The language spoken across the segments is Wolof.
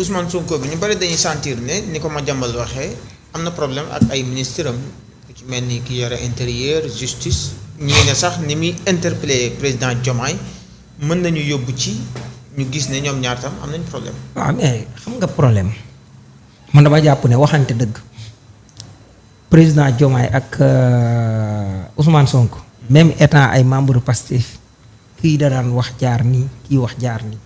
Ousmane Sonko bi ñu bëri dañuy sentir ne ni ko ma jàmbal waxee am na problème ak ay ministre am ku ci mel ni ki yore intérieur justice ñii ne sax ni muy interpellé président Diomaye mën nañu yóbbu ci ñu gis ne ñoom ñaar tam am nañ problème. waaw mais xam nga problème man dama jàpp ne waxante dëgg président Diomaye ak euh, Ousmane Sonko. même étant ay membre Pastef kii da wax jaar nii kii wax jaar nii.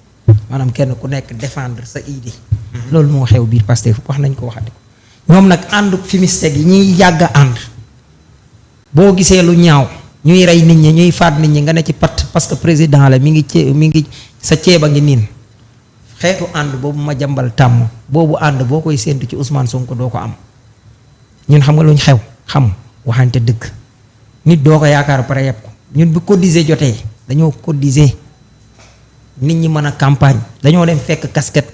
maanaam kenn ku nekk défendre sa idée. Mhm. loolu moo xew biir Pastef wax nañ ko waxati ko moom nag àndu fumiste yi ñuy yàgg a ànd boo gisee lu ñaaw ñuy rey nit ñi ñuy faat nit ñi nga ne ci pat parce que président la mu ngi cee mi ngi sa ceeb a ngi niin xeetu ànd boobu ma jàmbal tàmm boobu ànd boo koy séentu ci Ousmane Sonko doo ko am ñun xam nga ñu xew xam waxante dëkk nit doo ko yaakaar pare yëpp ko ñun bu cotiser jotee dañoo cotiser nit ñi mën a campagne dañoo dem fekk casquette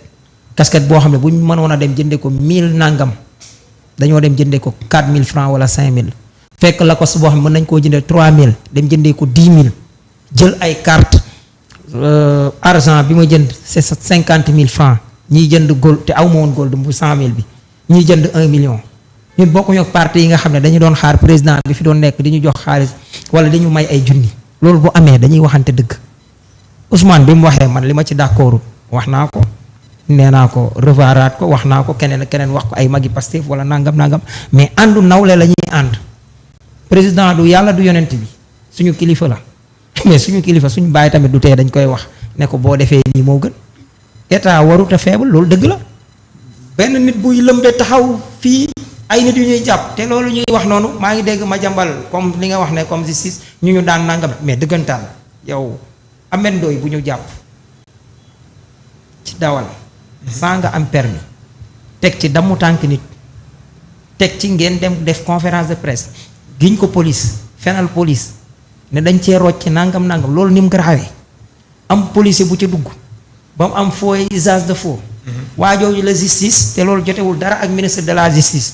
casquette boo xam ne bu ñu mënoon a dem jëndee ko 1000 nangam dañoo dem jëndee ko mille francs wala 5000 fekk la ko su boo xam ne mën nañ koo jëndee 3000 dem jëndee ko 10000 jël ay carte euh, argent bi ma jënd c'est 50000 francs ñiy jënd gold te aw ma woon gold bu 100000 bi ñiy jënd 1 million. ñun bokkuñu ak parti yi nga xam ne dañu doon xaar président bi fi doon nekk di ñu jox xaalis wala dañu may ay junni loolu bu amee dañuy waxante dëgg. Ousmane bi mu waxee man li ma ci d'accord wax naa ko nee naa ko revoiraat ko wax naa ko keneen keneen wax ko ay magi Pastef wala nangam nangam mais àndu nawle la ñuy ànd président du yàlla du yonent bi suñu kilifa la mais suñu kilifa suñu bàyyi tamit du tee dañ koy wax ne ko boo defee nii moo gën état warut a loolu dëgg la benn nit buy lëmbe taxaw fii ay nit yu ñuy jàpp te loolu ñuy wax noonu maa ngi dégg ma jàmbal comme li nga wax ne comme justice ñu ñu daan nangam mais dëggantaan yow Ameth bu ñu jàpp ci dawal sans nga am permis teg ci damu tànk nit teg ci ngeen dem def conférence de presse giñ ko police fenal police ne dañ cee rocc nangam nangam loolu ni mu garaawee am policier bu ca dugg ba mu am fooy usage de faux mm-hmm. waa jooju la justice te loolu jotewul dara ak ministre de la justice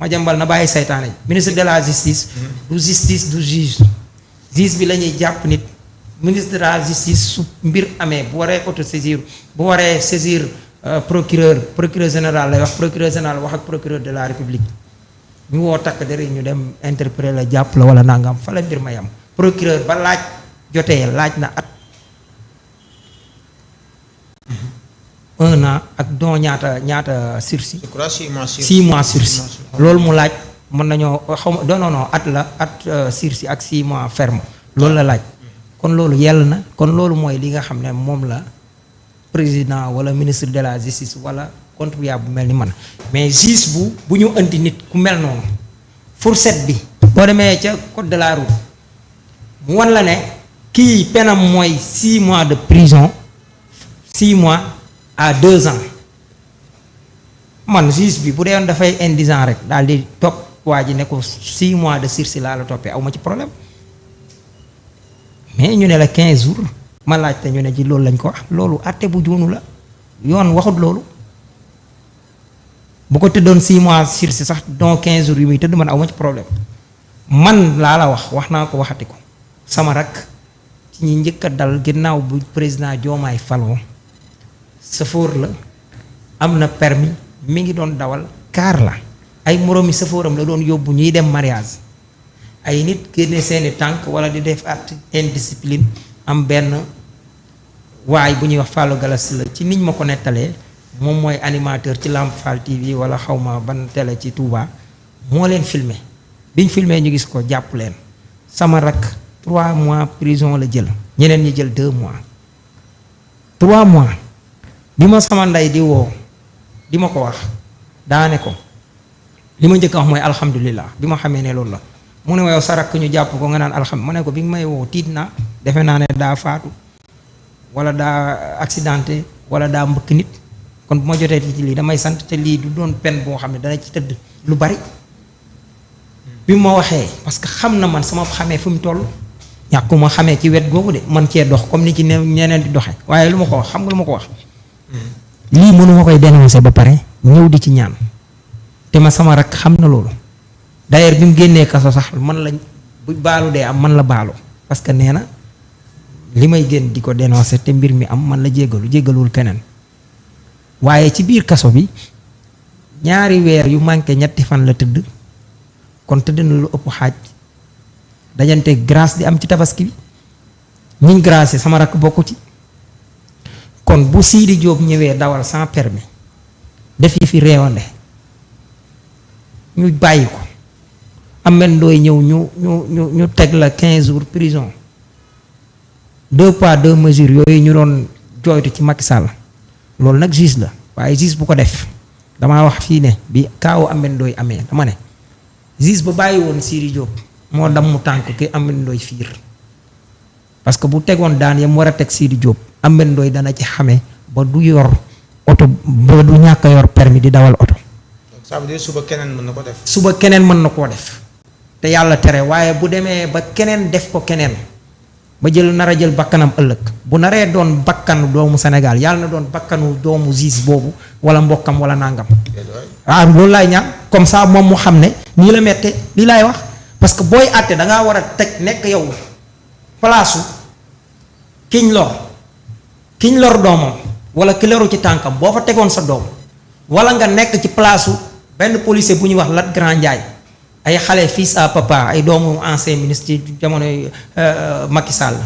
ma jàmbal na bàyyi seytaane ministre de la justice mm-hmm. du justice du juge juge bi la ñuy jàpp nit ministre de justice su mbir amee bu waree auto autosaisir bu waree saisir euh, procureur procureur général lay wax procureur général wax ak procureur de la république ñu woo takk der ñu dem interpeller la jàpp la wala nangam fala la mbir ma yam procureur ba laaj jotee laaj na at mm-hmm. un an ak doo ñaata ñaata sursis. je crois six mois sursis loolu mu laaj mën nañoo xaw ma non at la at euh, sursis ak six mois ferme loolu la laaj. kon loolu yell na kon loolu mooy li nga xam ne moom la président wala ministre de la justice wala contribuable bu mel ni man mais justice bu bu ñu andi nit ku mel noonu fourchette bi boo demee ca code de la route mu wan la ne kii penam mooy six mois de prison six mois à deux ans man justice bi bu dee yoon dafay indi ans rek daal di topp waa ji ne ko six mois de sursis laa la toppee aw ma ci problème mais ñu ne la 15 jours ma laajte ñu ne ci loolu lañ ko wax loolu àtte bu juunu la yoon waxut loolu bu ko tëddoon 6 mois sursis sax donc quinze jours yi muy tëdd man aw ma ci problème man laa la wax wax naa ko waxati ko sama rak ci ñi njëkk a dal ginnaaw bu président joomaay Fallon sëfoor la am na permis mi ngi doon dawal kaar la ay moroomi sëfooram la doon yóbbu ñuy dem mariage. ay nit génne seeni tànk wala di def at indiscipline am benn waay bu ñuy wax Fallou Galassi la ci niñ ma ko nettalee moom mooy animateur ci Lamp Fall TV wala xawma ban télé ci Touba moo leen filmé biñ filme ñu gis ko jàpp leen sama rak trois mois prison la jël ñeneen ñi jël deux mois trois mois bi ma sama ndey di woo di ma ko wax daane ko li ma njëkk a wax mooy alhamdulilah bi ma xamee ne loolu la mu ne ma yow sa rakk ñu jàpp ko nga naan alxam mu ne ko bi nga may woo tiit naa defe naa ne daa faatu wala daa accidenté wala daa mbëkk nit kon bu ma jotee ci lii damay sant te lii du doon pen boo xam ne dana ci tëdd lu bari bi ma waxee parce que xam na man sama xamee fu mu toll ñàkku ma xamee ci wet googu de man cee dox comme ni ci ñeneen di doxee waaye lu ma ko wax xam nga lu ma ko wax hmm. lii mënu ma koy dénoncer ba pare ñëw di ci ñaan te ma sama rakk xam na loolu d'ailleurs bi mu génnee kaso sax man la bu baalu dee am man la baalu parce que nee na li may génn di ko dénoncer te mbir mi am man la jéggalu jéggaluwul keneen waaye ci biir kaso bi ñaari weer yu manqué ñetti fan la tëdd kon tëdd na lu ëpp xaaj dajante grâce di am ci tabaski bi ñiñ grâce yi sama rakk bokk ci kon bu Sidi Diop ñëwee dawal sans permi def yi fi réewande ñu bàyyi ko Ahmed Ndoye ñëw ñu ñu ñu ñu teg la quinze jours prison deux poids deux mesures yooyu ñu doon jooytu ci Macky Sall loolu nag juge la waaye juge bu ko def damaa wax fii ne bi kaawu Ahmed amee dama ne juge ba bàyyi woon Siri Diop moo dam mu tànk ki Ahmed Ndoye fiir parce que bu tegoon daan yam war a teg Siri Diop Ahmed Ndoye dana ci xame ba du yor oto ba du ñàkk a yor permis di dawal oto. ça veut suba keneen mën na ko suba keneen mën na koo def. te yàlla tere waaye bu demee ba keneen def ko keneen ba jël nar a jël bakkanam ëllëg bu naree doon bakkanu doomu Sénégal yàlla na doon bakkanu doomu gis boobu wala mbokkam wala nàngam waaw loolu laay ñaan comme ça moom mu xam ne nii la mette lii laay wax parce que booy àtte dangaa war a teg nekk yow palaasu kiñ lor kiñ lor doomam wala ki loru ci tànkam boo fa tegoon sa doom wala nga nekk ci palaasu benn policier bu ñuy wax Lat Grand Ndiaye ay xale fils à papa ay doomu ancien ministre ci jamonoy euh, Macky Sall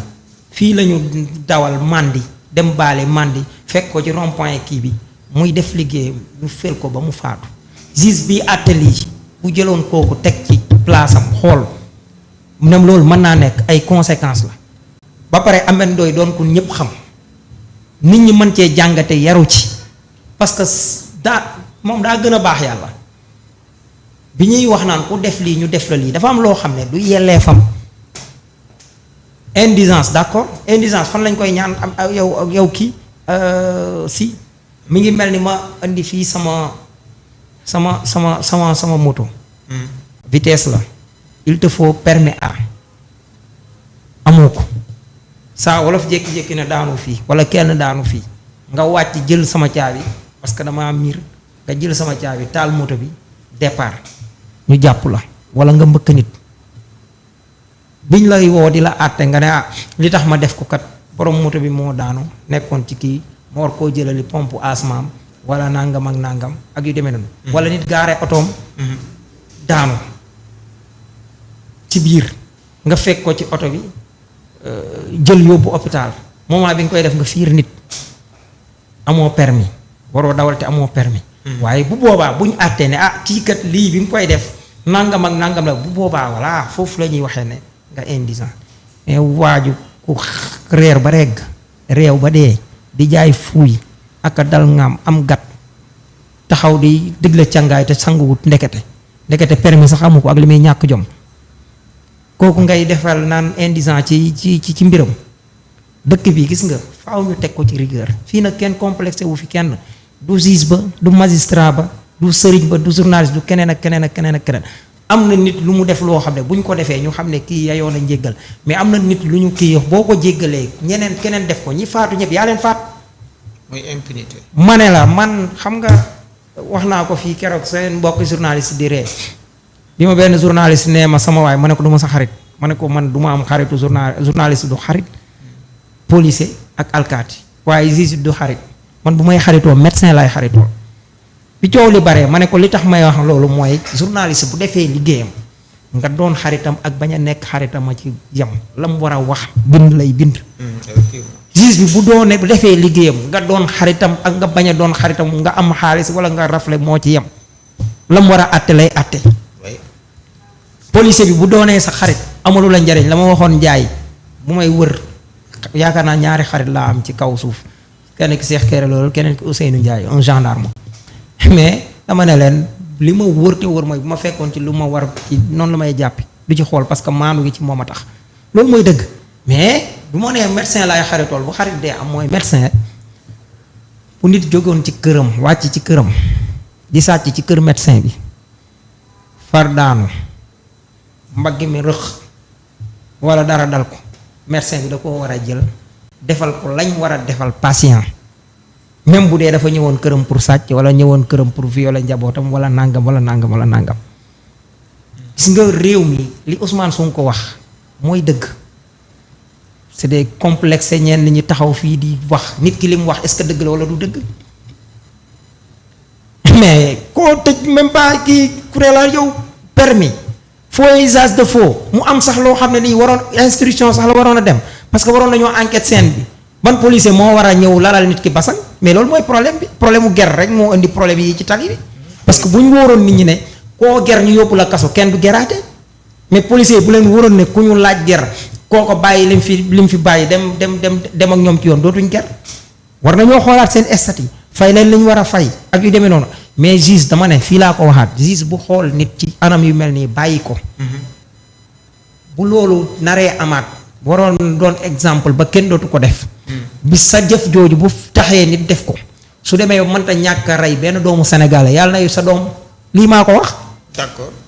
fii la ñu dawal mandi dem baale mandi fekk ko ci rond point kii bi muy def liggéey ñu fel ko ba mu faatu gis bi atelier bu jëloon kooku teg ci place xool nem loolu mën naa nekk ay conséquences la ba pare amen dooy doon ko ñëpp xam nit ñi mën cee jàngate yaru ci parce que daa moom daa gën a baax yàlla bi ñuy wax naan ku def lii ñu def la lii dafa am loo xam ne du yelleefam indigence d'accord indigence fan lañ koy ñaan am yow yow kii euh, si mi ngi mel ni ma indi fii sama sama sama sama sama moto. Hmm. vitesse la il faut permis A amoo ko saa wolof jékki-jékki ne daanu fii wala kenn daanu fii nga wàcc jël sama caabi parce que dama miir nga jël sama caabi taal moto bi départ ñu jàpp la wala nga mbëkk nit biñ lay woo di la àtte nga ne ah li tax ma def ko kat borom moto bi moo daanu nekkoon ci kii ma war koo jëlali pomp asmaam wala nàngam ak nàngam ak yu demee noonu. Mm-hmm. wala nit gaare otoom. Mm-hmm. daanu ci biir nga fekk ko ci oto bi euh, jël yóbbu hôpital moment bi nga koy def nga fiir nit amoo permis waroo dawal te amoo permis mm-hmm. waaye bu boobaa bu ñu àttee ne ah kii lii bi mu koy def. nangam ak nangam la bu boobaa voilà foofu la ñuy waxee ne nga indigent mais waaju ku reer ba regg réew ba dee di jaay fuuy aka dal ngaam am gat taxaw di digle càngaay te sanguwut ndekete ndekete permis sax amu ko ak li muy ñàkk jom kooku ngay defal naan indigent ci ci ci mbiram dëkk bi gis nga faw ñu teg ko ci rigueur fii nag kenn complexé wu fi kenn du juge ba du magistrat ba du sëriñ ba du journaliste du keneen ak keneen ak keneen ak keneen am na nit lu mu def loo xam ne bu ñu ko defee ñu xam ne kii yayoo na njéggal mais am na nit lu ñu kii boo ko jéggalee ñeneen keneen def ko ñi faatu ñëpp yaa leen faat. mooy impunité. ma ne la man xam nga wax naa ko fii keroog seen mbokk journaliste di ree bi ma benn journaliste nee ma sama waay ma ne ko du ma sa xarit ma ne ko man du ma am xaritu journal journaliste du xarit policier ak alkaati waaye juge du xarit man bu may xaritoo médecin laay xaritoo. bi coow li bare ma ne ko li tax may wax loolu mooy journaliste bu defee liggéeyam nga doon xaritam ak bañ a nekk xaritam a ci yem la mu war a wax bind lay bind. bu doone bu defee liggéeyam nga doon xaritam ak nga bañ a doon xaritam nga am xaalis wala nga rafle moo ci yem la mu war a àtte lay àtte. policier bi bu doonee sa xarit amalu la njariñ la ma waxoon njaay bu may wër yaakaar naa ñaari xarit laa am ci kaw suuf kenn ki Cheikh Kéré loolu keneen ki Ousseynou Ndiaye un gendarme. mais dama ne leen li ma wër te wër mooy bu ma fekkoon ci lu ma war ci noonu la may jàppi du ci xool parce que maandu gi ci moom a tax loolu mooy dëgg mais bu ma nee médecin laay xaritool bu xarit dee am mooy médecin bu nit jógoon ci këram wàcc ci këram di sàcc ci kër médecin bi far daanu mbagg mi rëq wala dara dal ko médecin bi da koo war a jël defal ko lañ war a defal patient même bu dee dafa ñëwoon këram pour sàcc wala ñëwoon këram pour violer njabootam wala nangam wala nangam wala nangam gis nga réew mi li Ousmane ko wax mooy dëgg c'est des complexes ñenn ñi taxaw fii di wax nit ki li mu wax est-ce dëgg la wala du dëgg mais koo tëj même pas kii kuréel la yow permis faux usage de foo mu am sax loo xam ne nii waroon instruction sax la waroon a dem parce que waroon nañoo enquête scène bi ban policier moo war a ñëw lalal nit ki basan mais loolu mooy problème bi problème mu ger rek moo indi problème yi ci tali bi parce que bu ñu wóoroon nit ñi ne koo ger ñu yóbbu la kaso kenn du geraate mais policier bu leen wóoroon ne ku ñu laaj ger koo ko bàyyi lim fi lim fi bàyyi dem dem dem dem ak ñoom ci yoon dootuñ ger war na nañoo xoolaat seen statut fay leen li ñu war a fay ak yu demee noonu mais juge dama ne fii laa ko waxaat juge bu xool nit ci anam yu mel nii bàyyi ko mm-hmm. bu loolu naree amaat waroon doon exemple ba kenn dootu ko def bi sa jëf jooju bu taxee nit def ko su demee mënta ñàkk a rey benn doomu Sénégalais yàlla na yu sa doom lii maa ko wax d'accord